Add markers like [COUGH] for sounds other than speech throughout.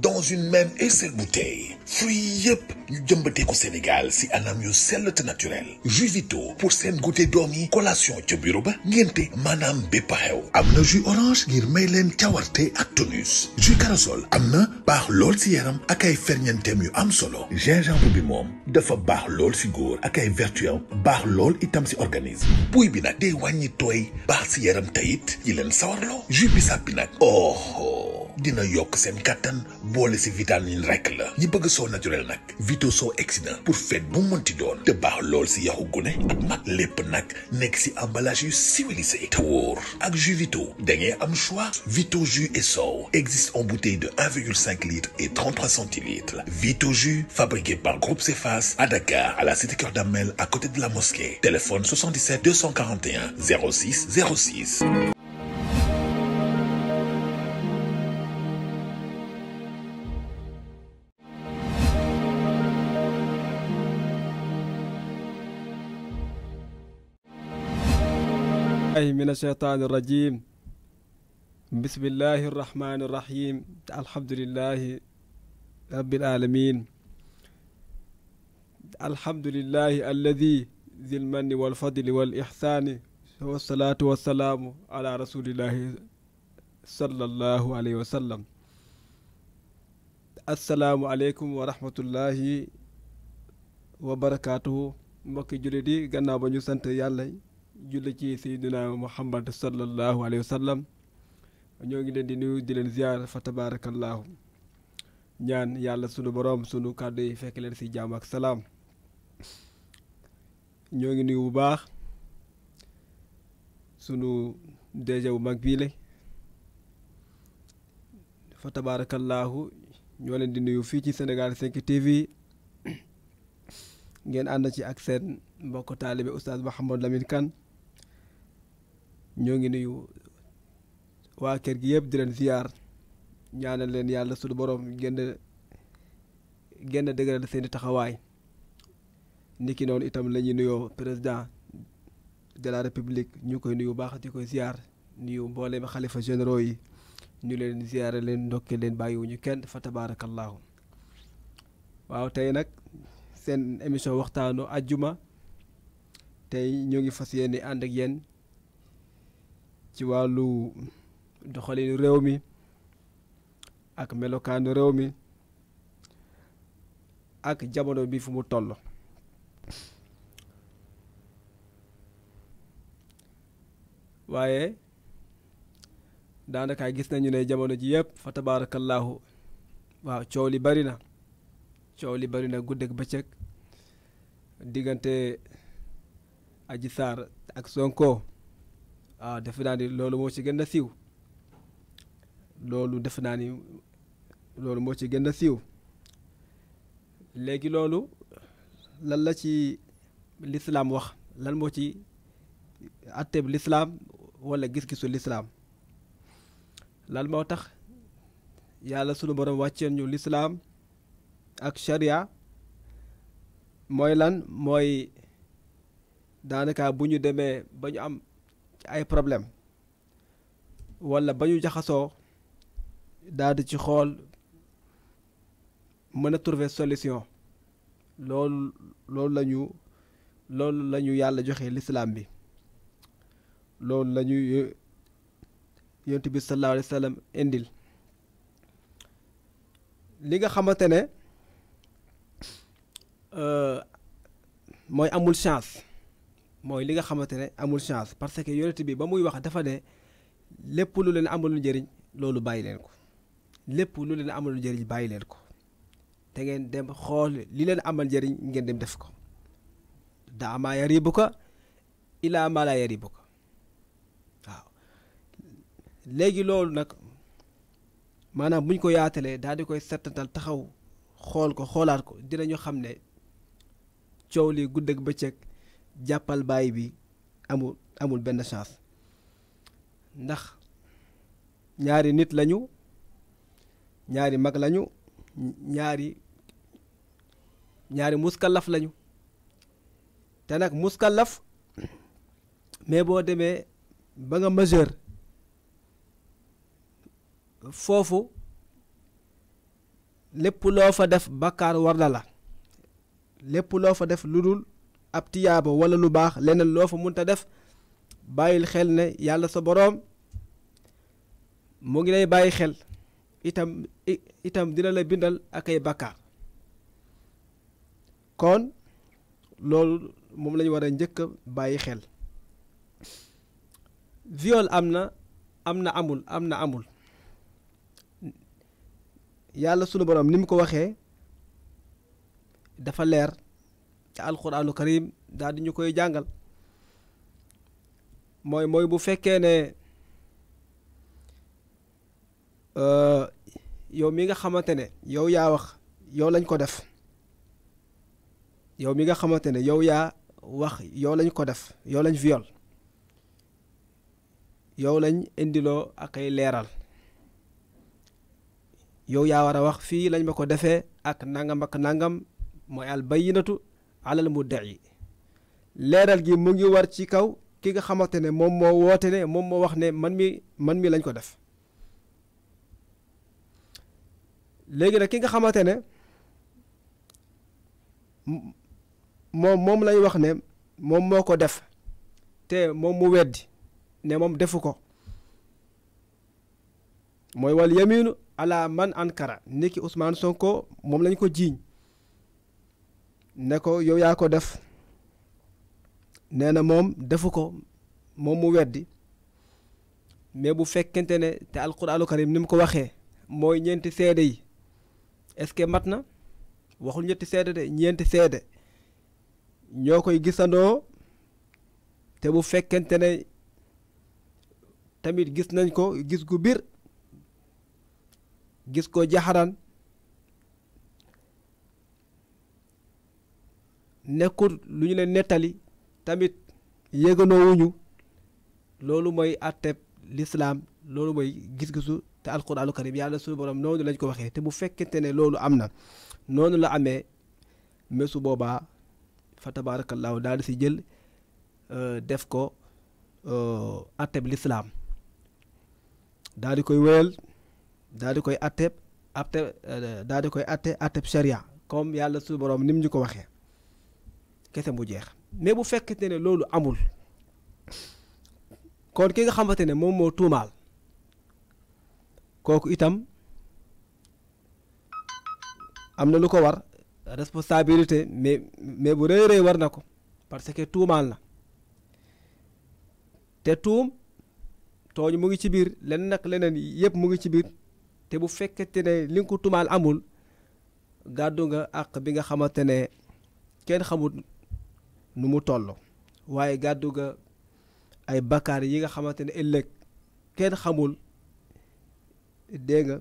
dans une même et seule bouteille fruits yëpp ñu jëmbatee ko Sénégal si anam yu mieux te naturel jus pour cette goûter dormi collation ca bureau ba ngénte maanaam bépp xew jus orange ngir may leen cawarte ak tonus jus corossol amna, na baax lool si yaram ak ay ferñeenteem yu am solo gingembre bi de dafa baax l'ol si gour ak ay bar baax lool itam si organisme Pouy bi nag toi bar tooy baax si yaram tayit yi leen jus bissap oh, oh dina yok sen kàttan boole ci vitamine rek la ñi bëgg so naturel vito so exsident pour fête bu monti doon te baax lool si yahoo gune ak mag emballage civilisé te wóor ak jus vito da am choix vito jus et so existe en bouteille de 1,5 litre et 33 centilitres vito jus fabriqué par Groupe Cefas à Dakar à la cité cœur Damel à côté de la mosquée téléphone 77 241 06 06 من الشيطان الرجيم بسم الله الرحمن الرحيم الحمد لله رب العالمين الحمد لله الذي ذي المن والفضل والإحسان والصلاة والسلام على رسول الله صلى الله عليه وسلم السلام عليكم ورحمة الله وبركاته مكي جلدي jullit yi gannaaw ba julli ci sayyidina muhammad sallallahu alayhi wa ñoo ngi leen di nuyu di leen ziar fa tabaarakallaahu ñaan yàlla sunu boroom sunu kàddu yi fekk leen si jàmm ak salaam ñoo ngi nuyu bu baax sunu DG bu mag bii la fa tabaarakallaahu ñoo leen di nuyu fii ci Sénégal TV ngeen ànd ci ak seen mbokk taalibe Oustaz Mouhamadou Lamine Kane ñoo ngi nuyu waa kër gi yëpp di leen ziar ñaanal leen yàlla suñu borom génn génn dëgëral seeni taxawaay niki noonu itam lañuy ñuy nuyoo président de la ñu koy nuyu baax di koy ziar nuyu mbooleem xalifa généraux yi ñu leen ziare leen ndokke leen bàyyiwuñu kenn fa tabaarakallaahu waaw tey nag seen émission waxtaanu ajjuma tey ñoo ngi fas yéene ànd ak yenn ci wàllu doxalin réew mi ak melokaanu réew mi ak jamono bi fu mu toll waaye daanaka gis nañu ne jamono ji yëpp fa tabaarakallaahu waaw coow li bari na coow li bari na guddeg bëccëg diggante aji saar ak sonko waaw ah, defe naa ni loolu moo ci gën a siiw loolu defe naa ni loolu moo ci gën a siiw léegi loolu lan la ci lislaam wax lan moo ci atteeb lislaam walla gis-gisu lislaam lan moo tax yàlla sunu borom wàcceen ñu lislaam ak sharia mooy lan mooy daanaka bu ñu demee ba ñu am ci ay problème wala ba ñu jaxasoo daal di ci xool mën a trouver solution loolu loolu la ñu loolu la ñu yàlla joxe lislaam bi loolu la ñu yonent bi sallallahu alayhi wa sallam indil li nga xamante ne mooy amul chance mooy li nga xamante ne amul chance parce que yonent bi ba muy wax dafa ne lépp lu leen amalu njariñ loolu bàyyi leen ko lépp lu leen amalu njëriñ bàyyi leen ko te ngeen dem xool li leen amal njëriñ ngeen dem def ko daa maa ko ilaa maa laa ko waaw léegi loolu nag maanaam buñ ko yaatalee daal di koy settantal taxaw xool ko xoolaat ko dinañu xam ne coow li gudd ak bëccëg jàppal baay bi amul amul benn chance ndax ñaari nit lañu ñaari mag lañu ñaari ñaari muskalaf lañu te nag muskalaf mais boo demee ba nga majeur foofu lépp loo fa def bakkaar war na la lépp loo fa def lu dul ab tiyaaba wala lu baax leneen loo fa munta def bàyyil xel ne yàlla sa boroom mu ngi lay bàyyi xel itam itam dina la bindal ak ay bakkaar kon loolu moom lañu war a njëkk a bàyyi xel viol am na am na amul am na amul yàlla sunu boroom ni mu ko waxee dafa leer ci alxuraanu karim daal di ñu koy jàngal mooy mooy bu fekkee ne euh, yow mi nga xamante ne yow yaa wax yow lañ ko def yow mi nga xamante ne yow yaa wax yow lañ ko def yow lañ viol yow lañ indiloo ak ay leeral yow yaa war a wax fii lañ ma ko defee ak nangam ak nangam mooy al alal mudda'i leeral gi mu ngi war ci kaw ki nga xamante ne moom moo woote ne moom moo wax ne man mi man mi lañ ko def léegi nag ki nga xamante ne moom moom lay wax ne moom moo ko def te moom mu weddi ne moom defu ko mooy wal yaminu ala man ankara niki Ousmane Sonko moom lañ ko jiiñ ne ko yow yaa ko def nee na moom defu ko moom mu weddi mais bu fekkente ne te alquraanu karim ni mu ko waxee mooy ñeenti seede yi est-ce que mat na waxul ñetti seede de ñeenti seede ñoo koy gisandoo te bu fekkente ne tamit gis nañ ko gis gu bir gis ko jaxaraan nekkul lu ñu leen nettali tamit yéeganoowuñu loolu mooy atteb lislaam loolu mooy gis-gisu te alquraanu karim yàlla suñu borom noonu lañ ko waxee te bu fekkente ne loolu am na noonu la amee mesu boobaa fa tabaarakallaahu daal di si jël euh, def ko euh, atteb lislaam daal di koy wéyal daal di koy atteb atte euh, daal di koy atte atteb sharia comme yàlla su borom ni mu ñu ko waxee kese mu jeex mais bu fekkente ne loolu amul kon ki nga xamante ne moom moo tuumaal kooku itam am na lu ko war responsabilité mais mais bu rëy rëy war na ko parce que tuumaal na te tuum tooñ mu ngi ci biir leneen nag leneen yëpp mu ngi ci biir te bu fekkente ne li nga ko tuumaal amul gàddu nga àq bi nga xamante ne kenn xamul nu mu toll waaye gàddu ga ay bakkaar yi nga xamante ne ëllëg kenn xamul dégg nga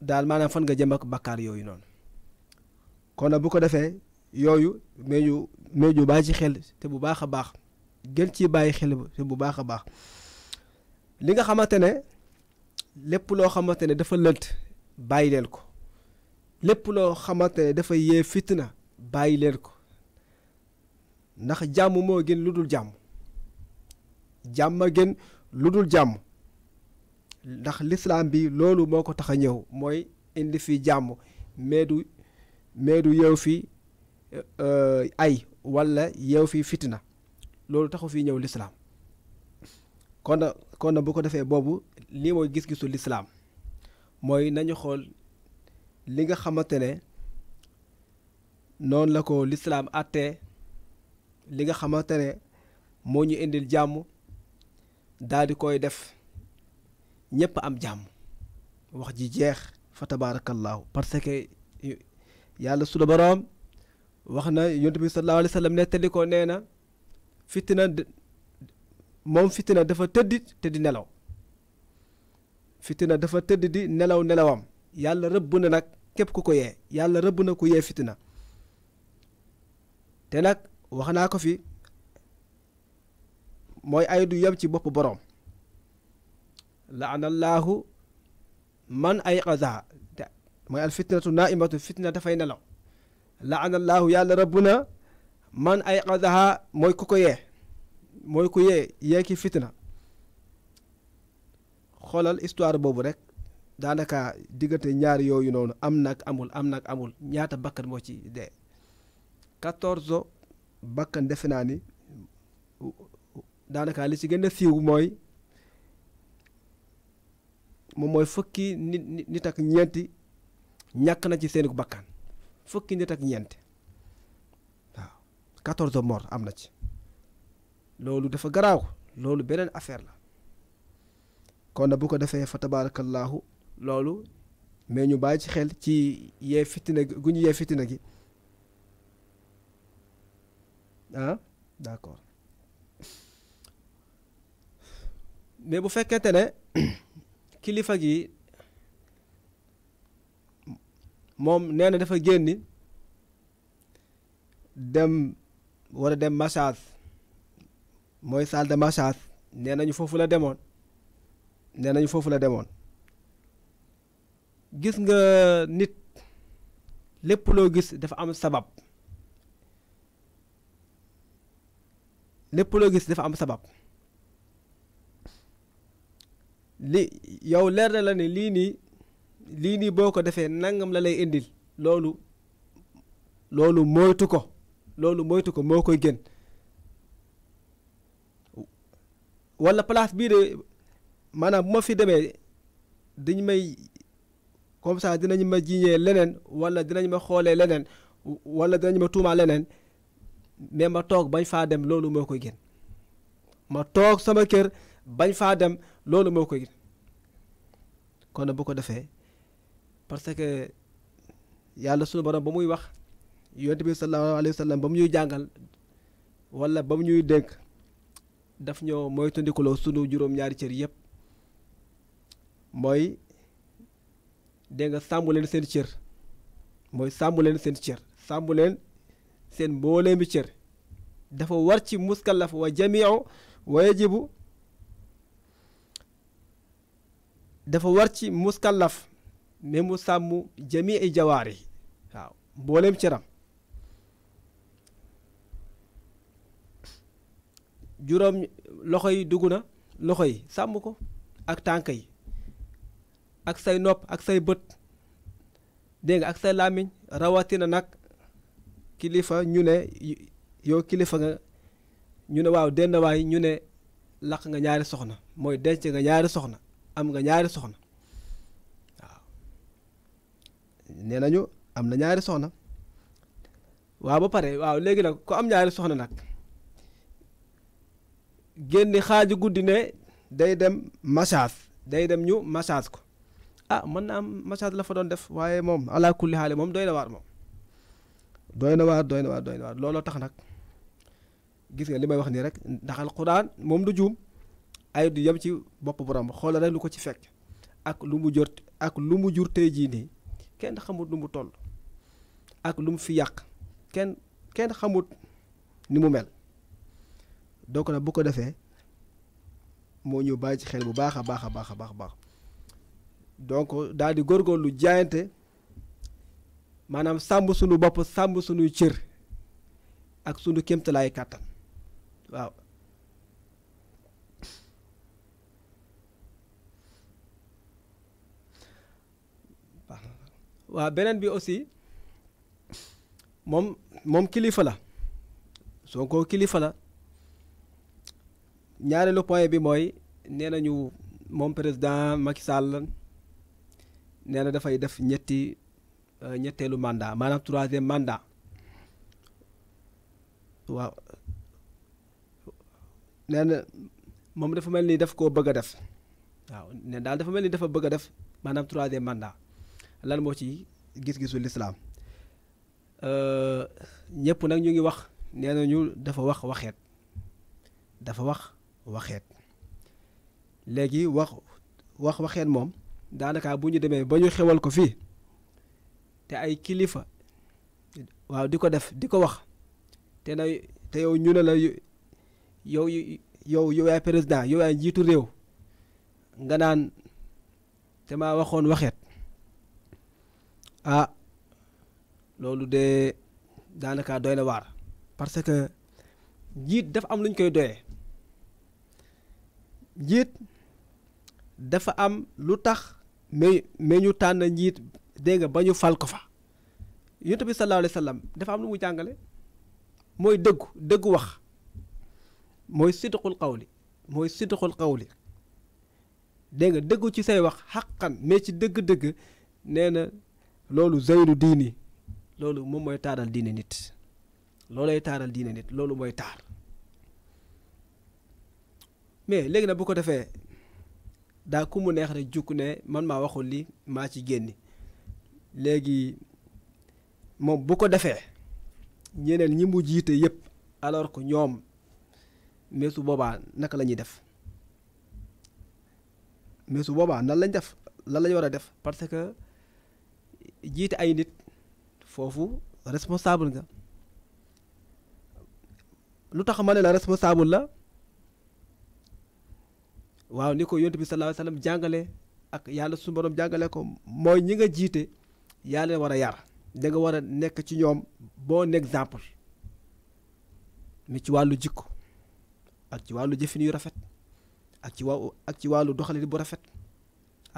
daal maanaam fan nga jëm ak bakkaar yooyu noonu kon nag bu ko defee yooyu mais ñu mais ñu bàyyi ci xel te bu baax a baax gën ci bàyyi xel bu baax a baax li nga xamante ne lépp loo xamante ne dafa lënt bàyyi leen ko lépp loo xamante ne dafa fitt na bàyyi leen ko ndax jàmm moo gën lu dul jàmm jàmm a gën lu dul jàmm ndax lislaam bi loolu moo ko tax a ñëw mooy indi fi jàmm mais du mais du yeew fi euh, ay walla yeew fi fitina loolu taxu fi ñëw lislaam kon kon na bu ko defee boobu lii mooy gis-gisu lislaam mooy nañu xool li nga xamante ne noonu la ko lislaam àttee li nga xamante ne moo ñu indil jàmm daal di koy def ñëpp am jàmm wax ji jeex fa tabaarakallaahu parce que yàlla su la boroom wax na yonent bi sallallaahu alayhi wa sallam nettali ko nee na fitina moom fitina dafa tëddi te di nelaw fitina dafa tëdd di nelaw nelawam yàlla rëbb na nag képp ku ko yee yàlla rëbb na ku yee fitina te nag wax naa ko fi mooy ay du yem ci bopp boroom la laanallaahu man ay qaza te mooy al fitnatu naaimatu fitna dafay nelaw laanallaahu yàlla na man ay qazaha mooy ku ko yee mooy ku yee yee ki fitna xoolal histoire boobu rek daanaka diggante ñaari yooyu noonu am nag amul am nag amul ñaata bakkan moo ci dee quatorze bakkan defe naa ni daanaka li ci gën a siiw mooy moom mooy fukki nit nit ak ñeenti ñàkk na ci seeni bakkan fukki nit ak ñeenti waaw quatorze morts am na ci loolu dafa garaaw loolu beneen affaire la kon na bu ko defee fa tabaarakallaahu loolu mais ñu bàyyi ci xel ci yee fitina gu ñu yee fitina gi d' accord mais bu fekkente ne [CLEARS THROAT] kilifa gi moom nee na dafa génni dem war a dem massage mooy salle de massage nee nañu foofu la demoon nee nañu foofu la demoon gis nga nit lépp loo gis dafa am sabab lépp loo gis dafa am sabab li yow leer na la ne lii nii lii nii boo ko defee nangam la lay indil loolu loolu moytu ko loolu moytu ko moo koy gën walla place bii de maanaam bu ma fi demee dañ may comme ça dinañu ma jiiñee leneen walla dinañ ma xoolee leneen walla dinañ ma tuumaa leneen mais ma toog bañ faa dem loolu moo koy génn ma toog sama kër bañ faa dem loolu moo koy gën kon bu ko defee parce que yàlla sunu borom ba muy wax yonent bi sallallahu alayhi wa ba mu ñuy jàngal walla ba mu ñuy dénk daf ñoo moytandikuloo sunu juróom-ñaari cër yëpp mooy dégg nga sàmm leen seen cër mooy sàmm leen seen cër sàmm leen seen mbooleemi cër dafa war ci muskalaf wa jamiu wa yajibu dafa war ci muskalaf mais mu sàmm jamii jawaar yi waaw mbooleem cëram juróom loxo yi dugg na loxo yi sàmm ko ak tànk yi ak say nopp ak say bët dégg nga ak say làmmiñ rawatina nag kilifa ñu ne yow kilifa nga ñu ne waaw denn waay ñu ne laq nga ñaari soxna mooy denc nga ñaari soxna am nga ñaari soxna waaw ne nañu am na ñaari soxna waaw ba pare waaw léegi nag ko am ñaari soxna nag génn xaaju guddi ne day dem massage day dem ñu massage ko ah mën na am massage la fa doon def waaye moom ala kulli xaale moom doy na waar moom doy na waar doy na doy na looloo tax nag gis nga li may wax nii rek ndax alxuraan moom du juum ay du yem ci bopp borom xoolal rek lu ko ci fekk ak lu mu jot ak lu mu jur tey jii nii kenn xamut lu mu toll ak lu mu fi yàq kenn kenn xamut ni mu mel donc nag bu ko defee moo ñu bàyyi ci xel bu baax a baax a baax a baax donc daal di góorgóorlu jaayante. maanaam sàmm sunu bopp sàmm sunuy cër ak sunu kéemtalaay kàttan waaw waaw beneen bi aussi moom moom kilifa la Sonko kilifa la ñaareelu point bi mooy nee nañu moom président Macky nee na dafay def ñetti Euh, ñetteelu mandat maanaam troisième mandat waaw nee na moom dafa mel ni daf koo bëgg a def waaw ne daal dafa mel ni dafa bëgg def maanaam troisième mandat lan moo ci gis-gisu lislaam euh, ñépp nag ñu ngi wax nee nañu dafa wax waxeet dafa wax waxeet léegi wax wax waxeet moom daanaka bu ñu demee ba ñu xewal ko fii te ay kilifa waaw di ko def di ko wax te na te yow ñu ne la yow yow yow yaay président yow yaay njiitu réew nga naan te maa waxoon waxeet ah loolu de daanaka doy na waar parce que njiit dafa am lu koy doyee njiit dafa am lu tax mais mais ñu tànn njiit dégg nga ba ñu fal ko fa yonent bi sallallahu alayhi wa dafa am lu mu jàngale mooy dëggu dëggu wax mooy sidqul qawli mooy sidqul qawli dégg nga dëggu ci say wax xaqan mais ci dëgg-dëgg nee na loolu zeynu diini loolu moom mooy taaral diine nit loolay taaral diine nit loolu mooy taar mais léegi nag bu ko defee daa ku mu neex rek jukk ne man maa waxul li maa ci génni léegi moom bu ko defee ñeneen ñi mu jiite yëpp alors que ñoom mais su boobaa naka la ñuy def mais su boobaa nan lañ def lan la war a def parce que jiite ay nit foofu responsable nga lu tax ma ne la responsable la waaw ni ko yonent bi sallallahu alayhi wa sallam jàngale ak yàlla suñu borom jàngale ko mooy ñi nga jiite. yaa war a yar danga war a nekk ci ñoom bon exemple mais ci wàllu jikko ak ci wàllu jëfin yu rafet ak ci waa ak ci wàllu doxalin bu rafet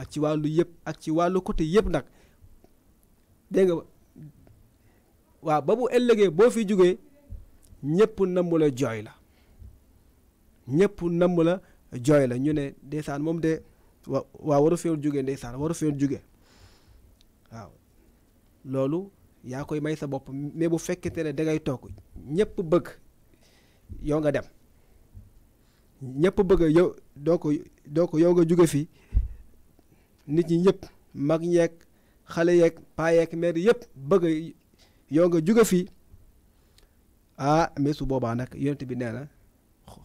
ak ci wàllu yëpp ak ci wàllu côté yëpp nag dégg nga waaw ba bu ëllëgee boo fi jógee ñëpp namm la jooy la ñëpp namm la jooy la ñu ne ndeysaan moom de wa waaw waru feewoon jógee ndeysaan waru feewoon jógee waaw loolu yaa koy may sa bopp mais bu fekkente ne dangay toog ñëpp bëgg yow nga dem ñëpp bëgg yow doo ko doo ko yow nga jóge fi nit ñi ñëpp mag ñeeg xale yeeg paa yeeg meer yëpp bëgg yow nga jóge fi ah mais boobaa nag yonent bi nee na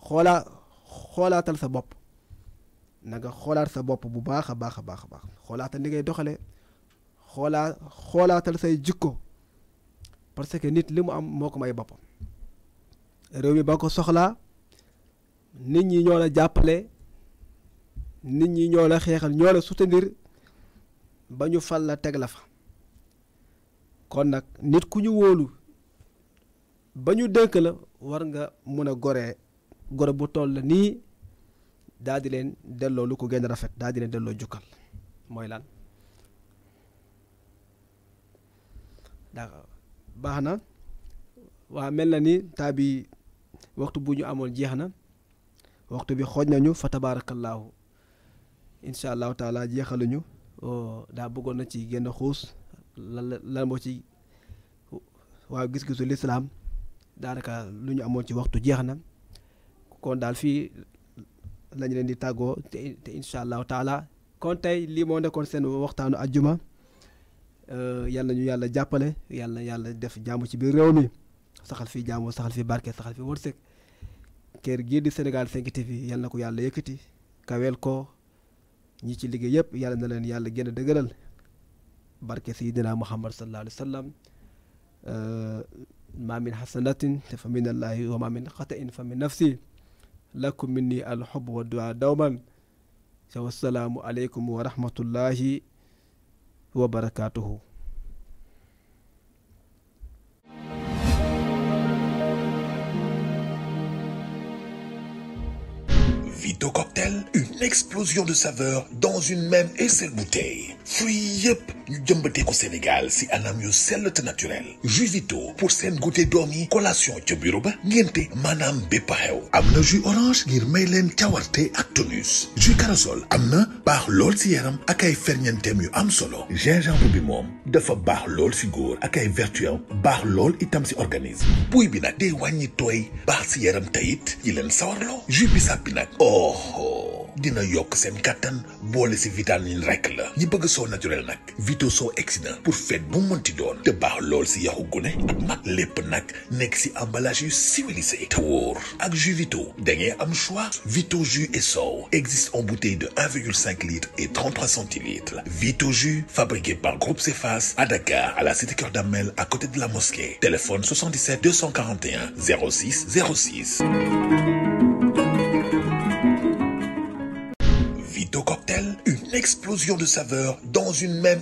xoolaa xoolaatal sa bopp na nga xoolaat sa bopp bu baax a baax a baax a baax xoolaatal ni ngay doxalee. xoolaa xoolaatal say jikko parce que nit li mu am moo ko may boppam réew mi ba ko soxlaa nit ñi ñoo la jàppale nit ñi ñoo la xeexal ñoo la soutenir ba ñu fal la teg la fa kon nag nit ku ñu wóolu ba ñu dënk la war nga mun a goree gore bu toll nii daal di leen delloo lu ko gën a rafet daal di leen delloo jukkal mooy lan d'accord baax na waa mel na ni temps bi waxtu bu ñu amoon jeex na waxtu bi xooj nañu fa tabaarakallaahu incha allahu taala jeexaluñu oh, daa bëggoon na ci génn xuus lal lan moo ci waa gis-gisu lislaam daanaka lu ñu amoon ci waxtu jeex na kon daal fii lañ leen di tàggoo te te incha allahu taala kon tey lii moo nekkoon seen waxtaanu ajjuma yal ñu yàlla jàppale yàlla yàlla def jàmm ci biir réew mi saxal fi jàmm saxal fi barke saxal fi wërsëg kër gii di Sénégal 5 TV yal na ko yàlla yëkkati kaweel ko ñi ci liggéey yëpp yàlla na leen yàlla gën dëgëral barke Seydina Muhammad sallallahu alayhi wa sallam ma min xasanatin te fa min allahi wa ma min xatain fa min nafsi lakum minni alxub wa duaa dawman wa salaamu aleykum wa rahmatullahi وبركاته Vidocop. explosion de saveur dans une même et seule bouteille fruits yi yëpp ko Sénégal si anam yu sel naturel jus pour seen goûter dormi collation ca bureau ba ngénte maanaam jus orange ngir may actonus. ak tonus jus carasol, amna, na lol si yaram ak ay am solo gingembre bimom, moom dafa baax lool si gour, ak ay vertu baax itam si organisme Pouy bi nag day wàññi tooy baax si yaram tayit yi jus bissap oh, oh dina yok sen katan boole ci vitamine rek la ñi bëgg so naturel nag vito so exsident pour fête bu mënti doon te baax lool si yaxu gune ak mag lépp nag emballage civilisé Tour. wóor ak jus vito da amchois am choix vito jus et so existe en bouteille de 1,5 litre et 33 centilitres vito jus fabriqué par Groupe Cefas à Dakar à la cité cœur Damel à côté de la mosquée téléphone 77 241 06 06 explosion de saveur dans une même